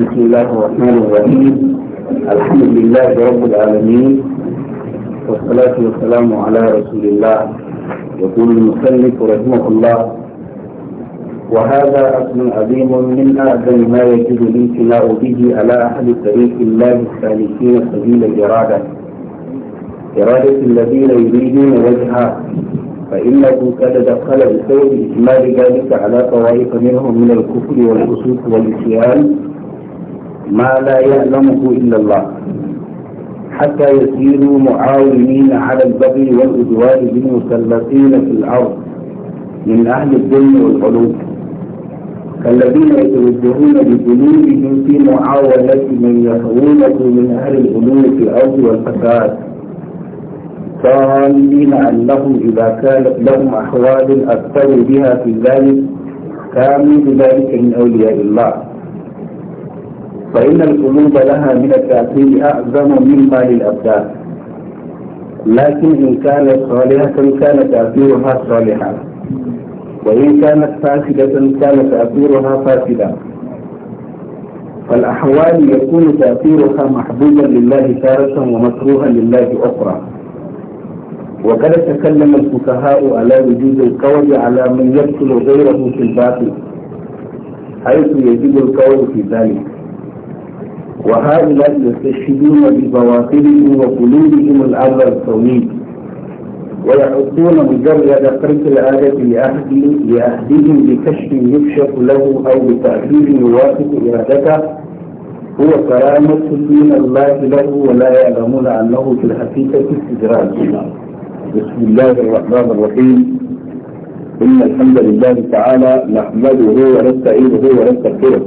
بسم الله الرحمن الرحيم الحمد لله رب العالمين والصلاة والسلام على رسول الله يقول المسلم رحمه الله وهذا أصل عظيم من أعظم ما يجب الامتناء به على أهل طريق الله السالكين سبيل الإرادة إرادة الذين يريدون وجهها فإنه قد دخل بسبب إجمال ذلك على طوائف منهم من الكفر والفسوق والعصيان ما لا يعلمه إلا الله حتى يسيروا معاونين على البغي والعدوان بالمسلطين في الأرض من أهل الدين والعلوم كالذين يتوجهون بقلوبهم في معاونة من يخونه من أهل الغلو في الأرض والفساد ظانين أنهم إذا كانت لهم أحوال أكثر بها في ذلك كانوا بذلك من أولياء الله فإن القلوب لها من التأثير أعظم مما للأبدان لكن إن كانت صالحة كان تأثيرها صالحا وإن كانت فاسدة كان تأثيرها فاسدا فالأحوال يكون تأثيرها محبوبا لله تارة ومكروها لله أخرى وقد تكلم الفقهاء على وجود القول على من يقتل غيره في الباطل حيث يجب القول في ذلك وهؤلاء يستشهدون ببواطنهم وقلوبهم الأمر الكوني ويحطون مجرد ترك الآلة لأهد لأهدهم بكشف يكشف له أو بتأثير يوافق إرادته هو كرامة من الله له ولا يعلمون أنه في الحقيقة استدراج بسم الله الرحمن الرحيم إن الحمد لله تعالى نحمده ونستعينه ونستغفره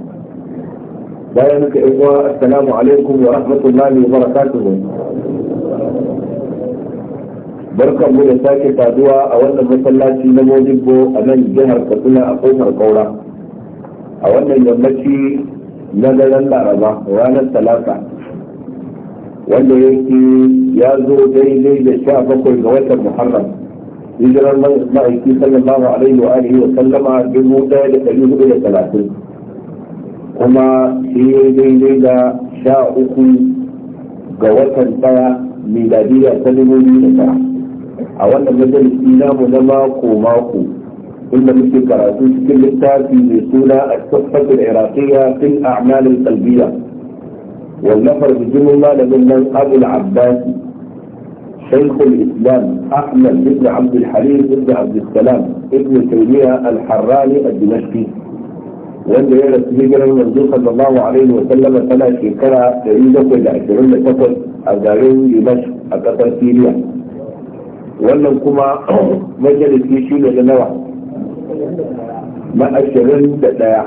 bayan haka yan uwa assalamu alaikum wa rahmatullahi wa barakatuhu barkan mu da sake saduwa a wannan masallaci na mojibbo a nan jihar Katsina a kofar Kaura a wannan yammaci na daren Laraba ranar Talata wanda yake ya zo daidai da sha bakwai ga watan Muharram hijirar ma'aiki sallallahu alaihi wa alihi wa sallama dubu ɗaya da ɗari hudu da talatin kuma shi daidai da sha uku ga watan daya miladiyya ta dubu biyu da tara a wannan majalisi namu na mako mako inda muke karatu cikin littafi mai suna a tafafin iraqiyya fil a'malin qalbiyya wallafar bijimin malamin nan abul abbasi شيخ الإسلام أحمد بن عبد الحليم بن عبد السلام ابن تيمية الحراني الدمشقي wanda ya rasu hijirar manzo sallallahu alaihi wa sallama tana shekara 728 a garin Dimash a kasar Syria wannan kuma majalisi shi ne na nawa na daya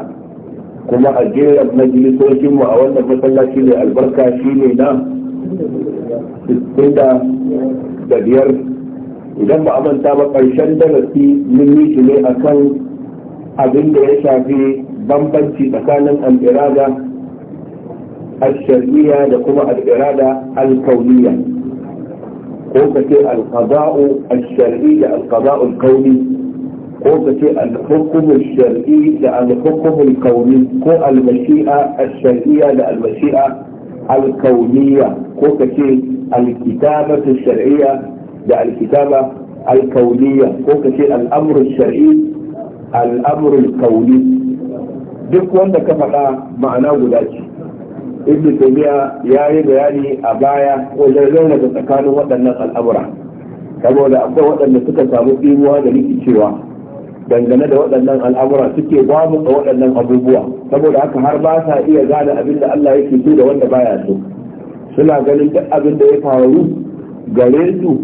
kuma a jerin majalisoshin mu a wannan masallaci ne albarka shi ne na 65 idan ba amanta ba ƙarshen darasi mun yi shi ne akan abin da ya shafi bambanci tsakanin al'irada al-shar'iyya da kuma al'irada al-kauniyya ko ka ce al-qada'u al-shar'i da al-qada'u al-kauni ko ka ce al-hukm al-shar'i da al-hukm al-kauni ko al-mashi'a al-shar'iyya da al-mashi'a al-kauniyya ko ka ce al-kitabatu al-shar'iyya da al-kitaba al-kauniyya ko ka ce al-amru al-shar'i al-amru al-kauni duk wanda ka faɗa ma'ana guda ce ibn taymiya ya yi bayani a baya wajen da tsakanin waɗannan al'amura saboda akwai waɗanda suka samu ɗimuwa da rikicewa dangane da waɗannan al'amura suke gwamutsa waɗannan abubuwa saboda haka har ba sa iya gane abin da Allah yake so da wanda baya so suna ganin duk abin da ya faru gare su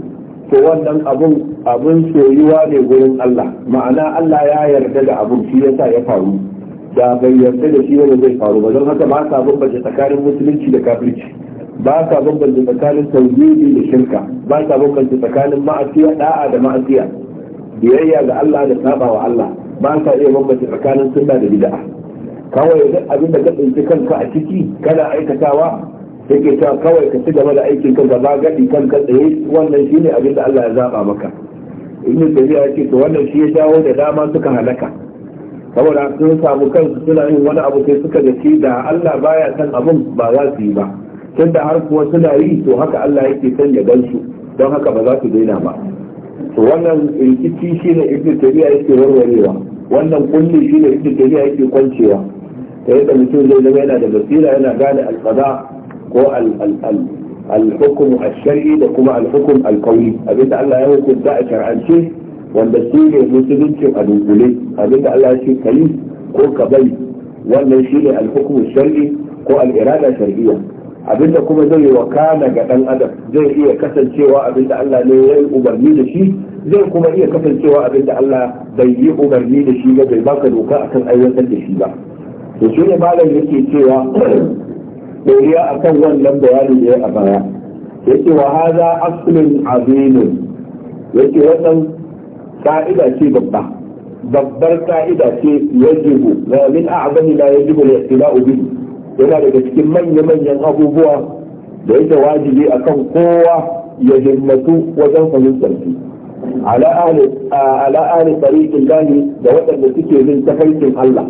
ko wannan abun abun soyuwa ne gurin Allah ma'ana Allah ya yarda da abun shi yasa ya faru da bai yarda da shi wanda zai faru ba don haka ba sa bambance tsakanin musulunci da kafirci ba sa bambance tsakanin tauhidi da shirka ba sa bambance tsakanin ma'asiya da'a da ma'asiya biyayya ga Allah da saba wa Allah ba sa iya bambance tsakanin sunna da bid'a kawai duk abin da ka tsinci kanka a ciki kana aikatawa yake cewa kawai ka ci gaba da aikin kanka ba gadi kanka tsaye wannan shine abin da Allah ya zaba maka ibnu tabi'a yake to wannan shi ya jawo da dama suka halaka saboda sun samu kansu suna yin wani abu sai suka da shi da Allah baya san abin ba za su yi ba tunda har kuwa suna yi to haka Allah yake san ya gansu don haka ba za su daina ba to wannan rikici ne ibnu tabiya yake warwarewa wannan kulli ne ibnu tabiya yake kwancewa ta yadda mutum zai zama yana da basira yana gane alqada ko al al al da kuma al hukum al abinda Allah ya hukunta a shar'ance wanda shi ne musuluncin a dunkule abinda Allah ka yi ko ka bari wannan shi ne alhukumu shar'i ko al'irada shar'iyya abinda kuma zai yi wakana ga dan adam zai iya kasancewa abinda Allah ne ya yi umarni da shi zai kuma iya kasancewa abinda Allah bai yi umarni da shi ba bai baka doka akan aiwatar da shi ba to shi ne malam yake cewa doriya akan wannan bayanin da ya a baya yake wa hadha a azimun yake wannan ka'ida ce babba babbar ka'ida ce yajibu wa min a'zami la yajibu al-i'tiba'u bihi yana daga cikin manya-manyan abubuwa da yake wajibi akan kowa ya himmatu wajen fahimtar su ala ahli ala ahli tariqin lahi da waɗanda suke bin tafarkin Allah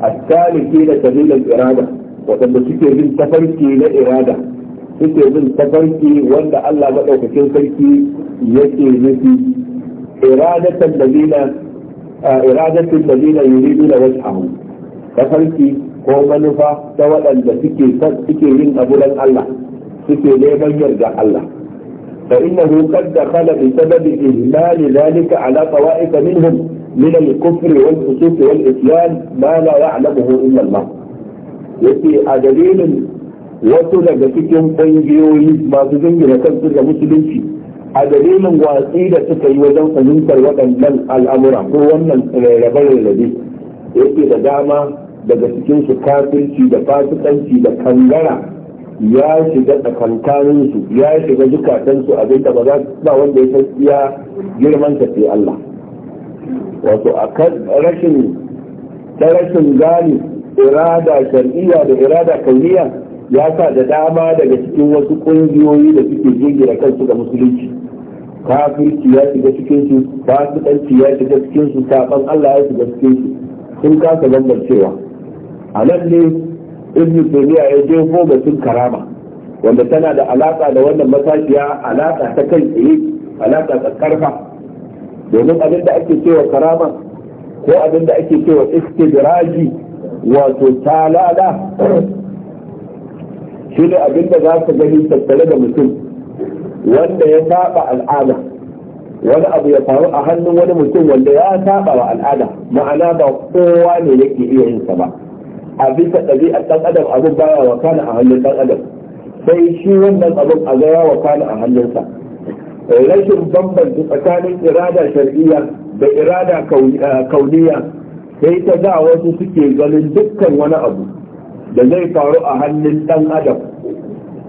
at-taliki da sabilin irada waɗanda suke bin tafarki na irada suke bin tafarki wanda Allah madaukakin sarki yake nufi iradatan dalila iradatin dalila yuridu da wajhahu tafarki ko manufa ta waɗanda suke suke yin abu dan Allah suke neman yarda Allah fa innahu qad dakhala bi sababi ihlal zalika ala tawa'if minhum min al-kufr wal fusuq wal isyan ma la ya'lamuhu illa Allah yace a dalilin wasu daga cikin ƙungiyoyi masu jingina kansu da musulunci a dalilin watsi da suka yi wajen fahimtar waɗannan al'amura ko wannan rabe-rabe yake da dama daga cikin su kafirci da fasikanci da kangara ya shiga tsakankanin su ya shiga su abin da ba za ba wanda ya tsakiya girman ta sai Allah wato a kan rashin ta rashin gani irada shar'iyya da irada kalliya ya sa da dama daga cikin wasu ƙungiyoyi da suke jirgira kansu ga musulunci kafirci ya shiga cikin su fasikanci ya shiga cikin su saban Allah ya shiga cikin su sun kasa bambancewa a nan ne ibnu taymiya ya jefo batun karama wanda tana da alaka da wannan matashiya alaka ta kai tsaye alaka ta karfa domin abin da ake cewa karama ko abin da ake cewa istidraji wato talala shi ne abin da za ka gani tattare da mutum wanda ya saba al'ada wani abu ya faru a hannun wani mutum wanda ya saba wa al'ada ma'ana ba kowa ne yake iya yin sa ba a bisa ɗabi'ar ɗan adam abin baya wa kana a hannun ɗan adam sai shi wannan abin a gaya wa kana a hannunsa rashin bambanci tsakanin irada shar'iyya da irada eh, kauniya sai ta da wasu suke ganin dukkan wani abu da zai faru a hannun ɗan adam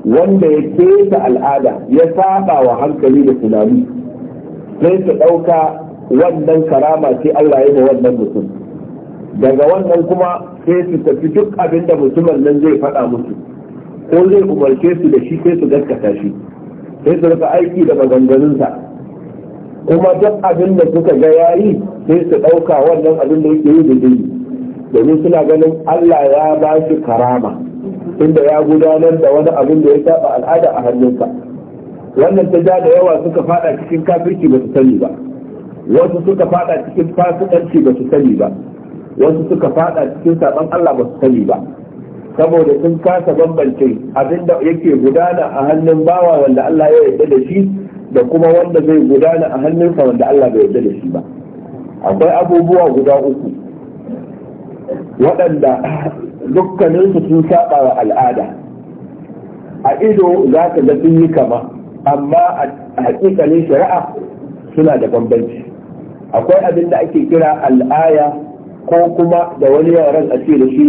wanda ya keta al'ada ya saba wa hankali da tunani sai su ɗauka wannan karama ce Allah ya yi wannan mutum daga wannan kuma sai su tafi duk abin da mutumin nan zai faɗa musu ko zai umarce su da shi sai su gaskata shi sai su rufe aiki da maganganunsa kuma duk abin da suka ga yayi sai su ɗauka wannan abin da yake yi da domin suna ganin Allah ya ba shi karama inda ya gudanar da wani abin da ya saba al'ada a hannunsa wannan ta ja da yawa suka fada cikin kafirci ba su sani ba wasu suka fada cikin fasikanci ba su sani ba wasu suka fada cikin saban Allah ba su sani ba saboda sun kasa bambance abin da yake gudana a hannun bawa wanda Allah ya yarda da shi da kuma wanda zai gudana a hannunsa wanda Allah bai yarda da shi ba akwai abubuwa guda uku waɗanda dukkaninsu sun saba wa al'ada a ido za ka ga sun yi kama amma a hakikalin shari'a suna da bambanci akwai abin da ake kira al'aya ko kuma da wani yaran a ce da shi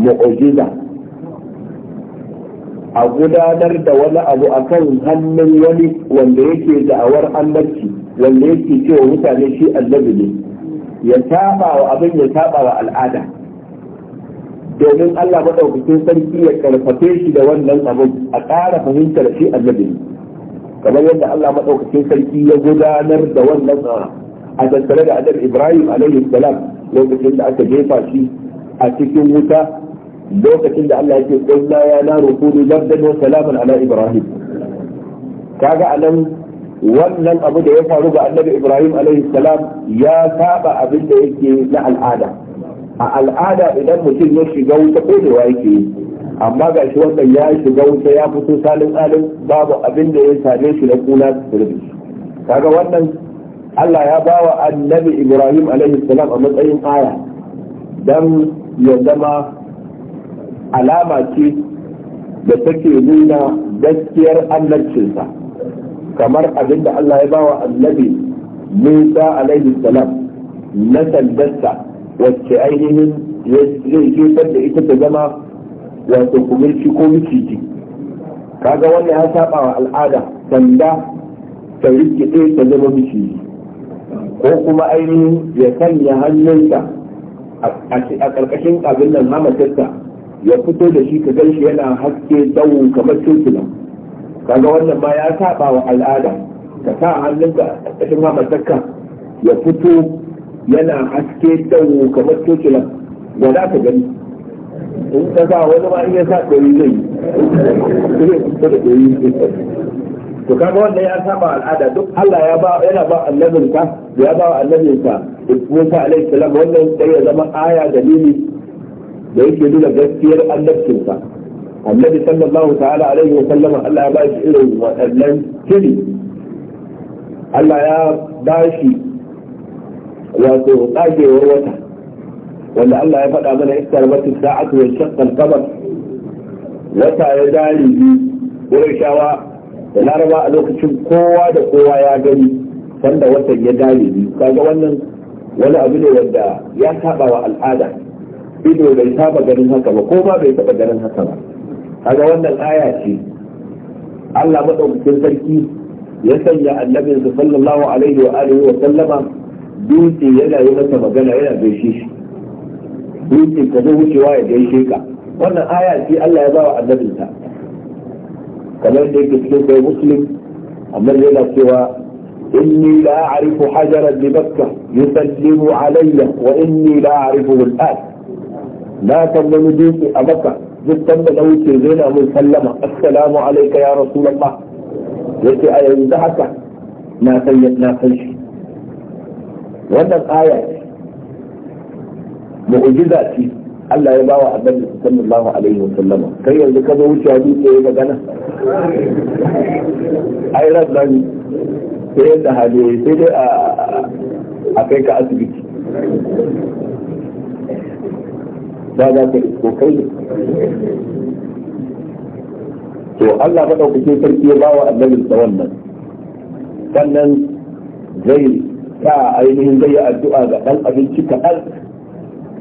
mu'ujiza a gudanar da wani abu a kan hannun wani wanda yake da'awar annabci wanda yake cewa mutane shi annabi ne ya saba wa abin ya saba wa al'ada domin Allah madaukakin sarki ya karfafe shi da wannan abin a ƙara fahimtar shi annabi kamar yadda Allah madaukakin sarki ya gudanar da wannan a tattare da adar Ibrahim alaihi salam lokacin da aka jefa shi a cikin wuta lokacin da Allah yake kullu ya naru kuni labdan wa salaman ala Ibrahim kaga anan wannan abu da ya faru ga annabi Ibrahim alaihi salam ya saba abin da yake na al'ada a al'ada idan mutum ya shiga wuta kodewa yake yi amma ga shi wannan ya shiga wuta ya fito salin alin babu abin da ya same shi na kuna turbi kaga wannan Allah ya bawa annabi Ibrahim alaihi salam a matsayin aya dan ya zama alama ce da take nuna gaskiyar annabcinsa kamar abin da Allah ya bawa annabi Musa alaihi salam na sandarsa wacce ainihin zai jefar da ita ta zama wato kumirci ko miciji kaga wannan ya saba wa al'ada sanda ta rikide ta zama miciji ko kuma ainihin ya sanya hannunsa a ƙarƙashin abin nan hamatarsa ya fito da shi ka gan shi yana haske dawo kamar tuntuna kaga wannan ma ya saba wa al'ada ka sa hannunka a ƙarƙashin ya fito yana haske dawo kamar tokila ba za ka gani in ka sa wani ma iya sa ɗari zai yi zai kusa da ɗori to kaga wanda ya saba al'ada duk Allah ya ba yana ba annabin ka ya ba annabin ka Musa alaihi salam wannan sai ya zama aya dalili da yake nuna gaskiyar annabcin ka annabi sallallahu ta'ala alaihi wa sallama Allah ya ba shi irin waɗannan kiri Allah ya ba shi wato ɗagewar wata wanda Allah ya faɗa mana iskar mata sa'atu wa shaqqal qamar wata ya dari wurin shawa da laraba a lokacin kowa da kowa ya gani sanda watan ya dare ni kaga wannan wani abu ne wanda ya saba wa al'ada ido bai saba ganin haka ba ko ba bai saba ganin haka ba kaga wannan aya ce Allah madaukakin sarki ya sanya annabinsa sallallahu alaihi wa alihi wa sallama dutse yana yi masa magana yana gaishe shi dutse ka zo wucewa ya gaishe ka wannan aya ce Allah ya bawa annabinsa kamar da yake cikin sai muslim amma yana cewa inni la a'rifu hajaran li makkah yusallimu alayya wa inni la a'rifu al-an na san wani dutse a makka duk da na wuce zai na mun sallama assalamu alayka ya rasulullah yace a yanzu haka na san na san shi wannan aya mu'jiza ce Allah ya ba wa annabi sallallahu alaihi wa sallama kai yanzu ka zo wuce dutse ya magana ai rabban sai yadda hali sai dai a kai ka asibiti ba za ka isko kai ne to Allah kuke sarki ya ba wa wa sallam sannan zai sa ainihin zai yi addu'a ga dan abinci kaɗan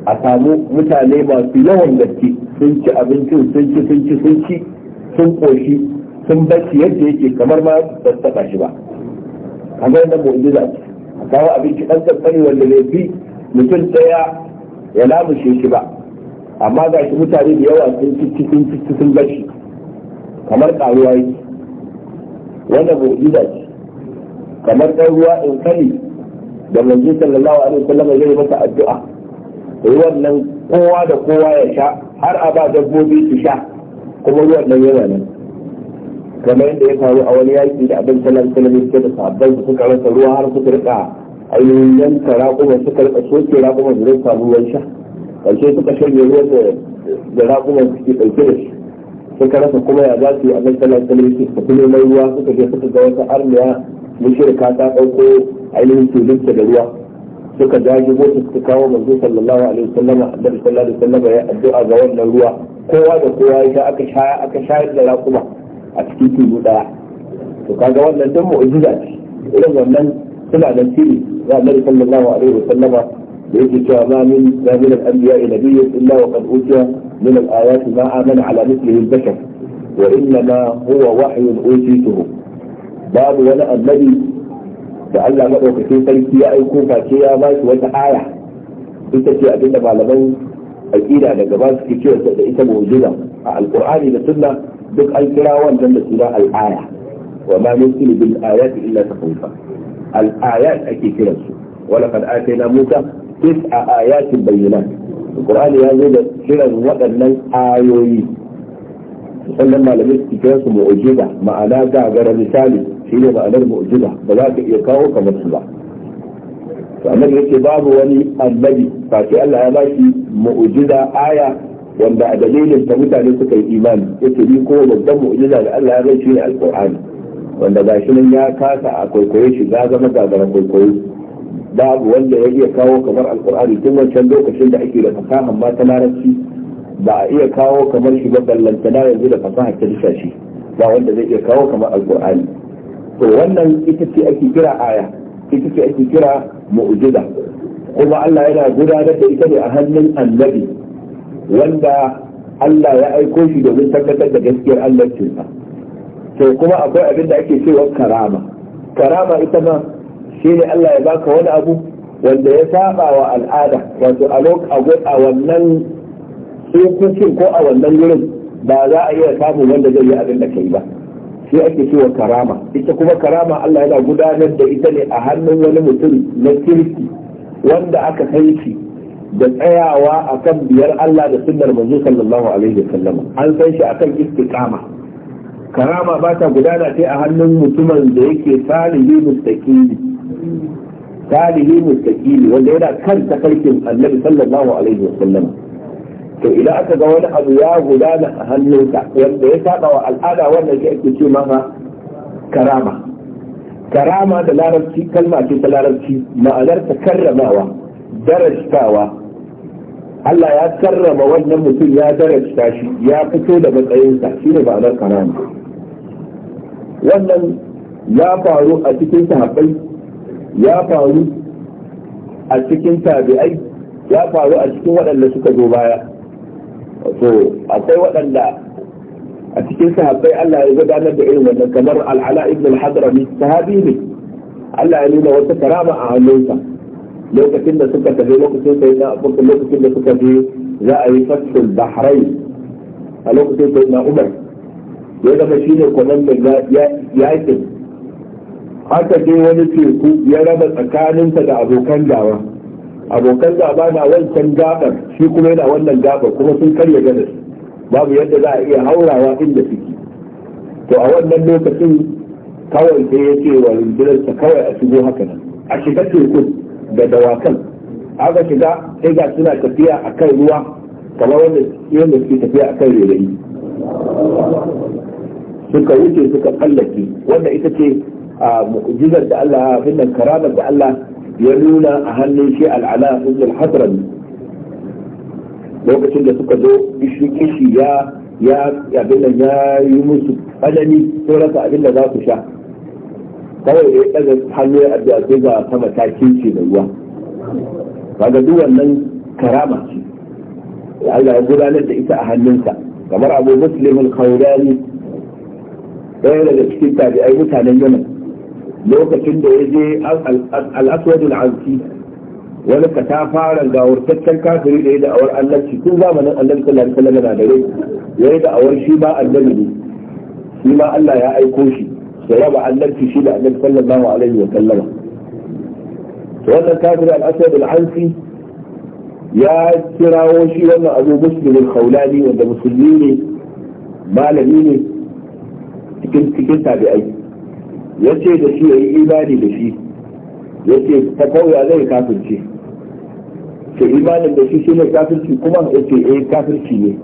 a samu mutane masu yawan gaske sun ci abincin sun ci sun ci sun ci sun koshi sun bacci yadda yake kamar ma ba su taɓa shi ba a ga yadda mu'ujiza a kawo abinci ɗan tsakkani wanda bai fi mutum ɗaya ya lamushe shi ba amma ga shi mutane da yawa sun ci ci sun ci sun bacci kamar ƙaruwa yake wanda mu'ujiza ce kamar ɗan ruwa in kani da manzo sallallahu alaihi wasallam zai masa addu'a ruwan nan kowa da kowa ya sha har a ba dabbobi su sha kuma ruwan nan yana nan kamar yadda ya faru a wani yaki da abin sallan sallan yake da sahabbai su suka rasa ruwa har suka rika ainihin yanka raƙuma suka rika soke raƙuma da zai samu ruwan sha ƙarshe suka shirya ruwan da raƙuman suke ɗauke da shi suka rasa kuma ya za su yi abin sallallahu alaihi wasallam su tafi neman ruwa suka je suka ga wata armiya mushrika ta dauko ainihin tulunta da ruwa suka jajibo su suka kawo manzo sallallahu alaihi wasallam annabi sallallahu alaihi wasallam ya addu'a ga wannan ruwa kowa da kowa ya aka shaya aka shayar da raƙuma a cikin tulu daya to kaga wannan dan mu'jiza ce irin wannan suna da tiri ga annabi sallallahu alaihi wasallam da yake cewa ma min la min al-anbiya nabiyyun illa wa qad utiya min al-ayati ma amana ala mithlihi al-bashar wa inna ma huwa wahyun utituhu babu wani annabi da Allah maɗaukakin sarki ya aiko face ya ba shi wata aya ita ce abinda malaman aƙida daga ba su ke da ita mu'jiza a alƙur'ani da sunna duk an kira wannan da suna al'aya wa ma nusilu bil ayati illa tafawufa al'ayat ake kiransu wa laqad atayna musa tis'a ayatin bayyinat alƙur'ani ya zo da kiran waɗannan ayoyi sannan malamai su kira su mu'jiza ma'ana gagara misali shi ne ma'anar mu'jiza ba za ka iya kawo kamar su ba to annabi yace babu wani annabi ba sai Allah ya bashi mu'jiza aya wanda a dalilin ta mutane suka yi imani yace ni ko babban mu'jiza da Allah ya bai shi ne alqur'ani wanda gashi nan ya kasa a kwaikwaye shi ga zama gagara kwaikwayo babu wanda ya iya kawo kamar alqur'ani tun wancan lokacin da ake da fasahar ma ta larabci ba a iya kawo kamar shi ba ballantana yanzu da fasaha ta shi ba wanda zai iya kawo kamar alqur'ani to wannan ita ce ake kira aya ita ce ake kira mu'jiza kuma Allah yana gudanar da ita ne a hannun annabi wanda Allah ya aiko shi domin tabbatar da gaskiyar Allah to kuma akwai abin da ake cewa karama karama ita ma shi ne Allah ya baka wani abu wanda ya saba wa al'ada wato a wannan tsokokin ko a wannan wurin ba za a iya samun wanda zai yi abin da kai ba sai ake cewa karama ita kuma karama Allah yana gudanar da ita ne a hannun wani mutum na kirki wanda aka kai shi da tsayawa akan biyar Allah da sunnar manzo sallallahu alaihi wasallam an san shi akan istiqama karama ba ta gudana sai a hannun mutumin da yake salihi mustaqili salihi mustaqili wanda yana kan tafarkin annabi sallallahu alaihi sallam. to idan aka ga wani abu ya gudana a hannunka wanda ya saba wa al'ada wannan shi ake ce masa karama karama da larabci kalma ce ta larabci ma'anar ta karramawa darajtawa Allah ya karrama wannan mutum ya darajta shi ya fito da matsayinsa shi ne ma'anar karama wannan ya faru a cikin sahabbai ya faru a cikin tabi'ai ya faru a cikin waɗanda suka zo baya to akwai waɗanda a cikin sahabbai Allah ya gudanar da irin wannan kamar al'ala ibn al-hadrami sahabi ne Allah ya nuna wata karama a hannunsa lokacin da suka tafi lokacin sai na abokan lokacin da suka tafi za a yi fatul bahrain a lokacin sai na umar ya zama shi ne ya yakin haka je wani teku ya raba tsakaninsa da abokan gawa abokan gaba na wancan gabar shi kuma yana wannan gabar kuma sun karya gadar babu yadda za a iya haurawa inda suke to a wannan lokacin kawai sai ya ce wa rundunarsa kawai a shigo haka nan a shiga teku da dawakan aka shiga sai ga suna tafiya a kan ruwa kamar wanda yadda suke tafiya a kan rairayi suka wuce suka fallake wanda ita ce a mu'jizar da Allah a nan karamar da Allah ya nuna a hannun shi al'ala ibn al-hadrami lokacin da suka zo ishi kishi ya ya abin ya yi musu tsanani sun rasa abin da za su sha kawai ya ɗaga hannu ya addu'a sai ga sama ta kince da ruwa kaga duk wannan karama ce ya Allah ya gudanar da ita a hannunsa kamar Abu Muslim al-Khawlani ɗaya daga cikin tabi'ai mutanen Yemen lokacin da ya je al'aswadul ansi wani ka ta fara gawurtaccen kafiri da ya da'awar allaci tun zamanin annabi sallallahu alaihi wasallam da rai ya yi da'awar shi ba annabi ne shi ma Allah ya aiko shi ya raba allaci shi da annabi sallallahu alaihi wasallam wannan kafiri al-aswad al-ansi ya kirawo shi wannan abu musulmin al wanda musulmi ne malami ne cikin cikin tabi'ai ya ce da shi ya yi imani da shi ya ce ta kauya zai kafirci ce imanin da shi shi ne kafirci kuma ya ce eh kafirci ne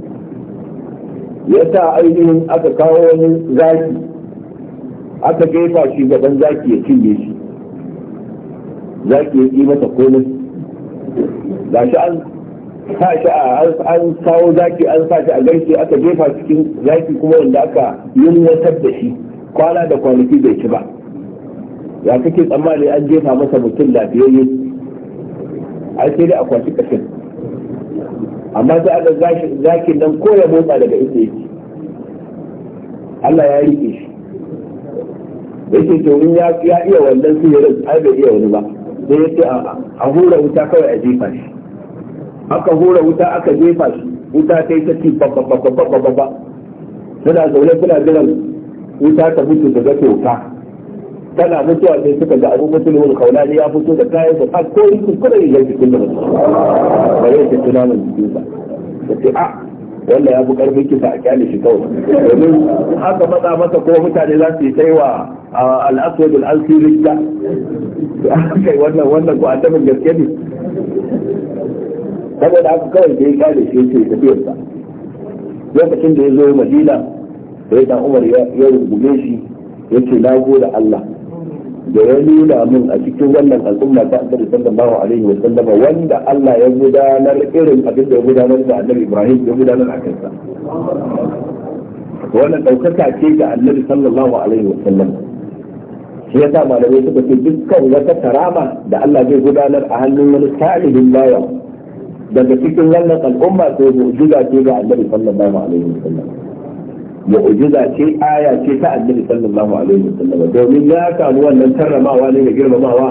ya sa ainihin aka kawo wani zaki aka gefa shi gaban zaki ya cinye shi zaki ya yi masa komai ga shi an sa shi a an kawo zaki an sa shi a gaishe aka jefa cikin zaki kuma wanda aka yunwatar da shi kwana da kwanaki bai ci ba ya kake tsammani an jefa masa mutum lafiyayye an sai dai a kwashi kashin amma sai aka zakin nan ko ya motsa daga inda yake Allah ya rike shi yake to in ya iya wannan sihirin ai bai iya wani ba sai ce a hura wuta kawai a jefa shi aka hura wuta aka jefa shi wuta ta yi ta ci babba babba babba suna zaune suna jiran wuta ta mutu daga toka tana mutuwa sai suka ga abu musulmin ne ya fito da kayan sa a ko yin kuskure ne ya cikin da ba zai ta jikin sa da ce a ah, wanda ya fi karfin kisa a kyale shi kawai domin aka matsa masa ko mutane za su yi kai wa al'aswad al'asir rijda kai wannan wannan ko annabin gaske ne saboda haka kawai da ya kyale shi ya ce tafiyarsa lokacin da ya zo madina sai da umar ya rungume shi ya ce na gode Allah da ya nuna min a cikin wannan al'umma ta annabi sallallahu alaihi wa sallama wanda Allah ya gudanar irin abin da ya gudanar da annabi Ibrahim ya gudanar a kansa wannan daukaka ce ga annabi sallallahu alaihi wa sallam shi ya sa malamai suka ce dukkan wata karama da Allah zai gudanar a hannun wani salihin bayan daga cikin wannan al'umma sai mu'jiza ce ga annabi sallallahu alaihi wa sallam mu'jiza ce aya ce ta annabi sallallahu alaihi wasallam domin ya samu wannan karramawa ne da girmamawa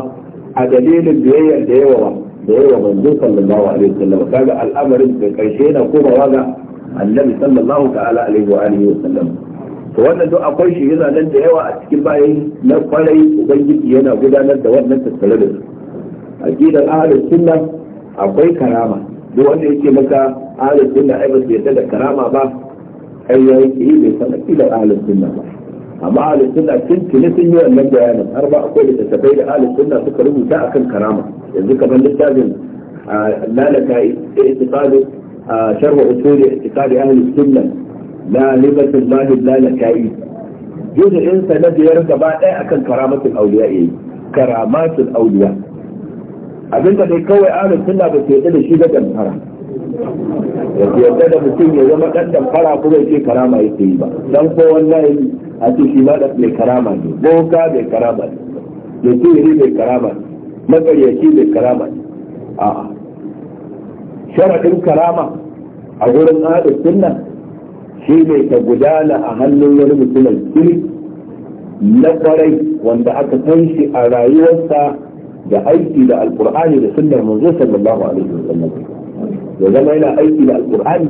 a dalilin biyayyar da yawa da yawa manzo sallallahu alaihi wasallam kaga al'amarin da karshe na komawa ga annabi sallallahu ta'ala alaihi wa alihi wasallam to wannan duk akwai shi yana nan da yawa a cikin bayan na kwarai ubangiji yana gudanar da wannan tattare da su aqidar ahlus sunna akwai karama duk wanda yake maka ahlus sunna ai ba su yarda da karama ba ƙarya yake yi bai san aƙidar ahalin sunna ba amma ahalin sunna tun tuni sun yi wannan bayanin har ba akwai littattafai da ahalin sunna suka rubuta akan karama yanzu kamar littafin lalata itiqadin sharh usuli itiqadi ahalin sunna la libatul lahi lalatai juz'in sa na biyar gaba ɗaya akan karamatul auliya yayi karamatul auliya abinda dai kawai ahalin sunna ba su yi da shi da gamfara yadda da mutum ya zama dan ko kuma ce karama yake yi ba dan ko wallahi a ce shi ma da mai karama ne boka bai karama ne ce yi bai karama ne matsaryaci bai karama ne a'a sharadin karama a gurin ahadu sunna shi ne ta gudana a hannun wani mutumin kiri na kwarai wanda aka san shi a rayuwarsa da aiki da alkur'ani da sunnar manzo sallallahu alaihi wasallam ya zama yana aiki da alkur'ani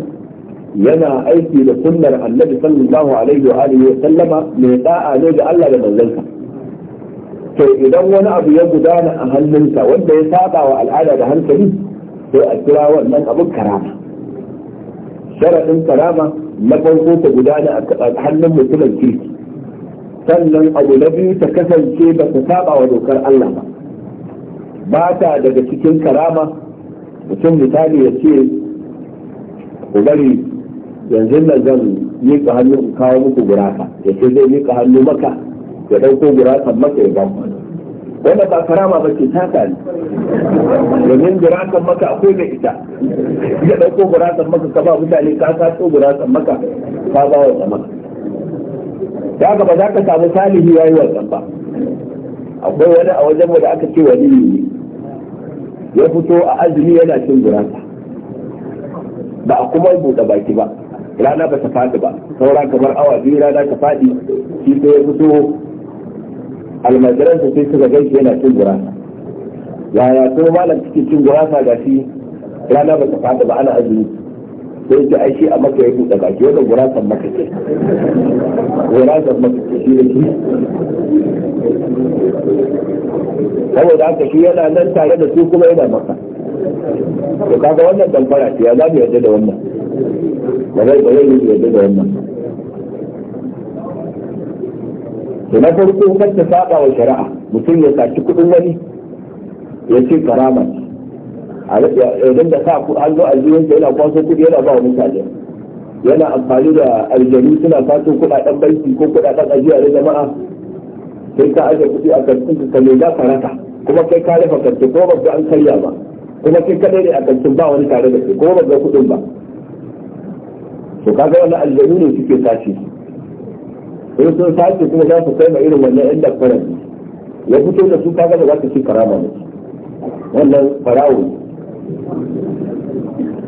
yana aiki da sunnar annabi sallallahu alaihi wa alihi sallama mai da'a ne ga Allah da manzansa to idan wani abu ya gudana a hannunsa wanda ya saba wa al'ada da hankali sai a kira wannan abin karama sharaɗin karama na farko ta gudana a hannun mutumin kirki sannan abu na biyu ta kasance ba ta saba wa dokar Allah ba ba ta daga cikin karama mutum misali ya ce ku bari yanzu nan zan miƙa hannu in kawo muku guraka ya ce zai miƙa hannu maka ya ɗauko gurakan maka ya ba wanda ba karama ba ce taka ne domin gurakan maka akwai da ita ya ɗauko gurasan maka ka ba mutane ka sato gurasan maka ka ba wa zama Ya gaba ba za ka samu salihi yayi wa ba akwai wani a wajen da aka ce wani ne ya fito a azumi yana cin gurasa ba a kuma buɗe baki ba rana ba ta faɗi ba saura kamar awa biyu rana ta faɗi shi sai ya fito almajiransa sai suka gaishe yana cin gurasa yaya ko malam cikin cin gurasa ga shi rana ba ta faɗi ba ana azumi sai ta aishi a maka ya buɗe baki wannan gurasan maka ce gurasan maka ce shi ne shi saboda aka shi yana nan tare da su kuma yana maka to kaga wannan damfara ce ya za mu yarda da wannan ba zai ba zai yarda da wannan to na farko kanta ta saba wa shari'a mutum ya saki kudin wani ya ce karama a idan da sa ku an zo aljihun yana kwaso kudi yana ba wa mutane yana amfani da aljihun suna kwaso kudaden banki ko kudaden ajiya jama'a sai ka aje kuɗi a kantin ka mai za ka raka kuma kai ka rufe kantin ko ba an karya ba kuma kai kadai ne a kantin ba wani tare da kai ko ba ga kuɗin ba to kaga wani aljanu ne suke tashi in sun sace kuma za su kai ma irin wannan yan dafaran ya fito da su kaga ba za su ci karama ne wannan farawo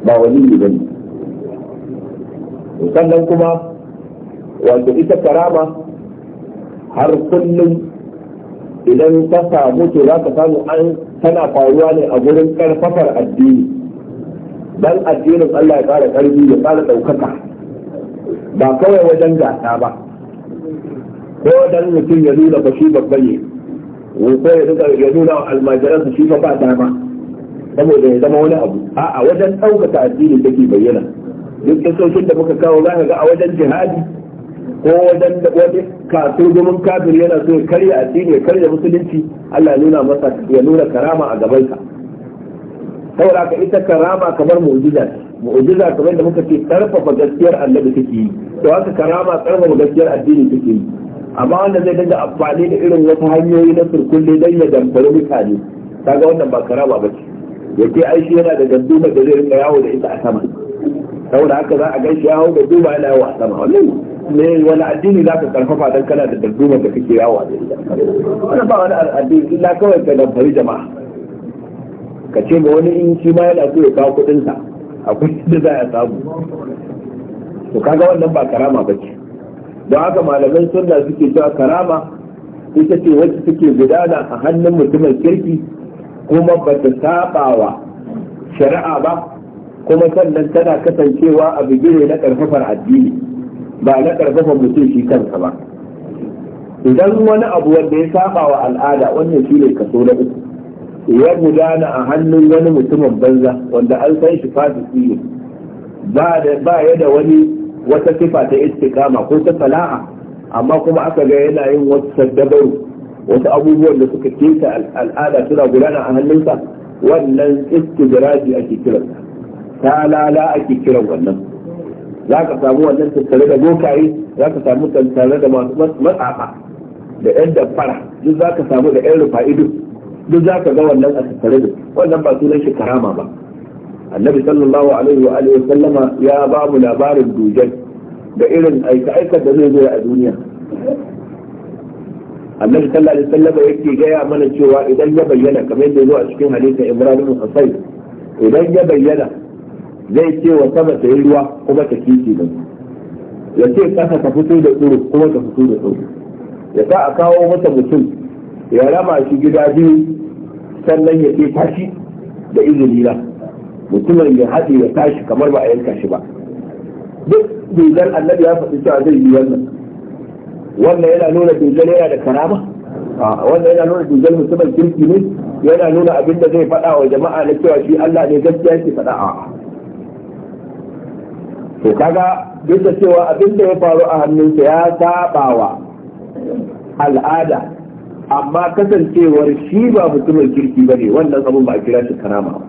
ba wani ne bane sannan kuma wato ita karama har kullum idan ta samu to za ka samu an tana faruwa ne a gurin karfafar addini don addinin Allah ya ƙara ƙarfi ya ƙara ɗaukaka ba kawai wajen gasa ba ko dan mutum ya nuna ba shi babba ne ko ya nuna ya nuna almajiran shi ba ba dama saboda ya zama wani abu a'a wajen ɗaukaka addini take bayyana duk kasoshin da muka kawo za ka ga a wajen jihadi ko wajen wani kafin domin kafin yana so ya karya addini ya karya musulunci Allah nuna masa ya nuna karama a gaban ka. saboda ka ita karama kamar mu'jiza mu'jiza kamar da muka ce karfafa gaskiyar annabi take yi to haka karama karfafa gaskiyar addini take yi amma wanda zai dinga amfani da irin wasu hanyoyi na surkulle dan ya damfari mutane kaga wannan ba karama ba ce yake ai shi yana da ganduma da zai rinka yawo da ita a sama saboda haka za a shi yawo da duba yana yawo a sama wannan ne wani addini za ka karfafa don kana da darduma da kake yawo a jirgin wani ba wani addini illa kawai ka damfari jama'a ka ce ma wani in shi ma yana so ya kawo kuɗinsa akwai da za a samu to kaga wannan ba karama ba ce don haka malaman sunna suke cewa karama ita ce wacce suke gudana a hannun mutumin kirki kuma ba ta saba shari'a ba kuma sannan tana kasancewa a bigire na karfafar addini ba na karfafa mutum shi kansa ba idan wani abu wanda ya saba wa al'ada wannan shi ne kaso na uku ya gudana a hannun wani mutumin banza wanda an san shi fasiki ne ba ya da wani wata sifa ta istiqama ko ta sala'a amma kuma aka ga yana yin wasu saddabaru wasu abubuwan da suka keta al'ada suna gudana a hannunsa wannan istidraji ake kiransa ta lala ake kiran wannan za ka samu wannan tattare da bokaye za ka samu tattare da masu matsafa da yan damfara duk za ka samu da yan rufa'i duk duk za ka ga wannan a tattare da wannan ba sunan shi karama ba annabi sallallahu alaihi wa alihi sallama ya ba mu labarin dujan da irin aika-aikar da zai zo a duniya annabi sallallahu alaihi sallama yake gaya mana cewa idan ya bayyana kamar yadda zo a cikin hadisin ibrahim bin husayn idan ya bayyana zai ce wa sama ta yi ruwa kuma ta kici da ya ce kasa ta fito da tsoro kuma ta fito da tsoro ya sa a kawo mata mutum ya rama shi gida biyu sannan ya ce tashi da izini na mutumin ya haɗe ya tashi kamar ba a yanka shi ba duk dizan annabi ya faɗi cewa zai yi wannan wannan yana nuna dizan yana da karama wannan yana nuna dizan mutumin kirki ne yana nuna abin da zai faɗa wa jama'a na cewa shi Allah ne gaskiya ke faɗa a'a to kaga duk da cewa abin da ya faru a hannunsa ya sabawa al'ada amma kasancewar shi ba mutumin kirki ba ne wannan abun ba a kira shi karama ba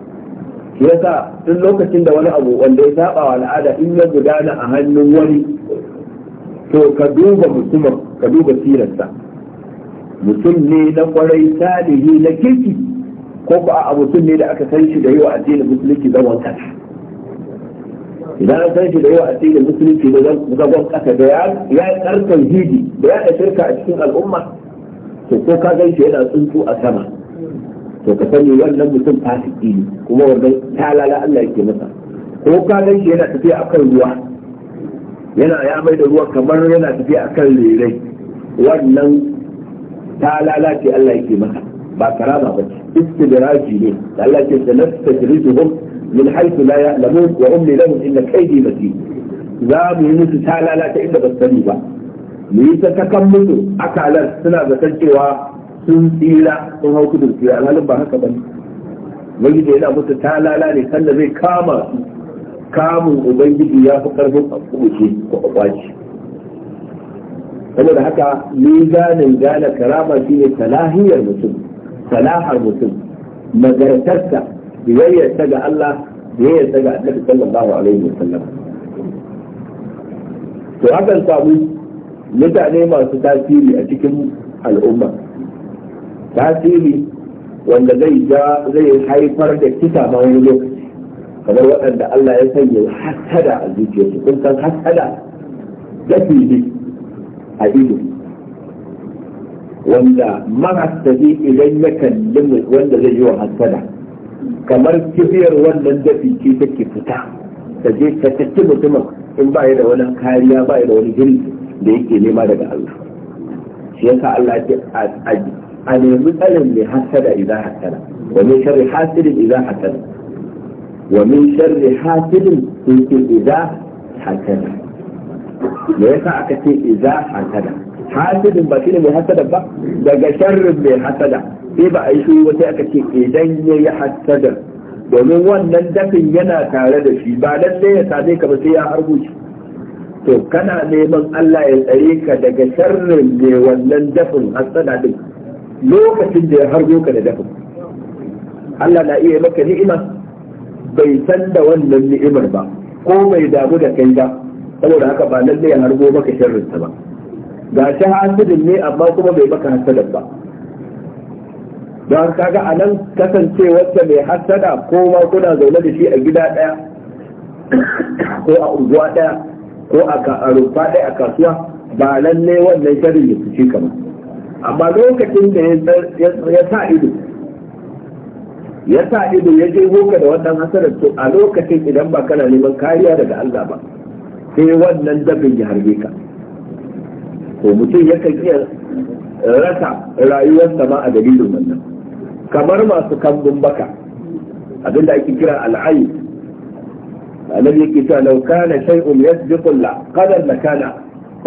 shi yasa duk lokacin da wani abu wanda ya saba wa al'ada in ya gudana a hannun wani to ka duba mutumin ka duba sirarsa mutum ne na kwarai salihi na kirki ko ba a mutum ne da aka san shi da yi wa addinin musulunci wanka kansa idan an san shi da yawa cikin musulunci da zagon kasa da ya karkar jiji da ya da shirka a cikin al'umma to ko ka gan shi yana tsuntsu a sama to ka sani wannan mutum fasiki ne kuma wannan talala Allah yake masa ko ka gan shi yana tafiya akan ruwa yana ya mai da ruwa kamar yana tafiya akan rerai wannan talala ce Allah yake masa ba karama ba ce. istidraji ne Allah ke da nasta tajrijuhum min haythu la ya'lamun wa umli lahum inna kaydi za mu yi musu ta lalata inda ba sani ba mu yi ta takan musu akalar suna zaton cewa sun tsira sun hau kudu tsira alhalin ba haka bane wani da yana musu ta lala ne sanda zai kama su kamun ubangiji ya fi karfin kuɓuce ko kwaci saboda haka ni gane gane karama shi ne salahiyar mutum salahar mutum nagartarsa biyayyarsa ga Allah biyayyarsa ga Annabi sallallahu alaihi wasallam to hakan samu mutane masu tasiri a cikin al'umma tasiri wanda zai ja zai haifar da kisa ma wani lokaci kamar waɗanda Allah ya sanya hasada a zuciyarsu kun san hasada da fili a ido wanda mara idan ya kalli wanda zai yi wa hasada kamar kibiyar wannan dafi ce take fita ta je ta tafi mutumin in ba ya da wani kariya ba ya da wani jiri da yake nema daga Allah shi yasa Allah ya aji a nemi tsarin mai hasada idan hasada wa min sharri hasidin idan hasada wa min sharri hasidin yake idan hasada me yasa aka ce idan hasada hasidin ba shine mai hasada ba daga sharrin mai hasada sai ba a yi shi wata aka ce idan ya yi hasadar domin wannan dafin yana tare da shi ba lalle ya same ka ba sai ya harbu shi to kana neman Allah ya tsare ka daga sharrin ne wannan dafin hasada din lokacin da ya harbo ka da dafin Allah na iya maka ni'ima bai san da wannan ni'imar ba ko bai damu da kai ba saboda haka ba lalle ya harbo maka sharrin ta ba ga shi hasidin ne amma kuma bai maka hasadar ba don kaga a nan kasance wacce mai hassada ko ma kuna zaune da shi a gida ɗaya ko a unguwa ɗaya ko a rufa ɗaya a kasuwa ba lalle wannan shirin ya fushi ka ba amma lokacin da ya sa ido ya sa ido ya je hoka da wannan hasarar to a lokacin idan ba kana neman kariya daga Allah ba sai wannan dabin ya harbe ka to mutum yakan iya rasa rayuwarsa ma a dalilin wannan kamar masu kambun baka abinda ake kira al'ayi annabi yake cewa law kana shay'un yasbiqu al-qadar la kana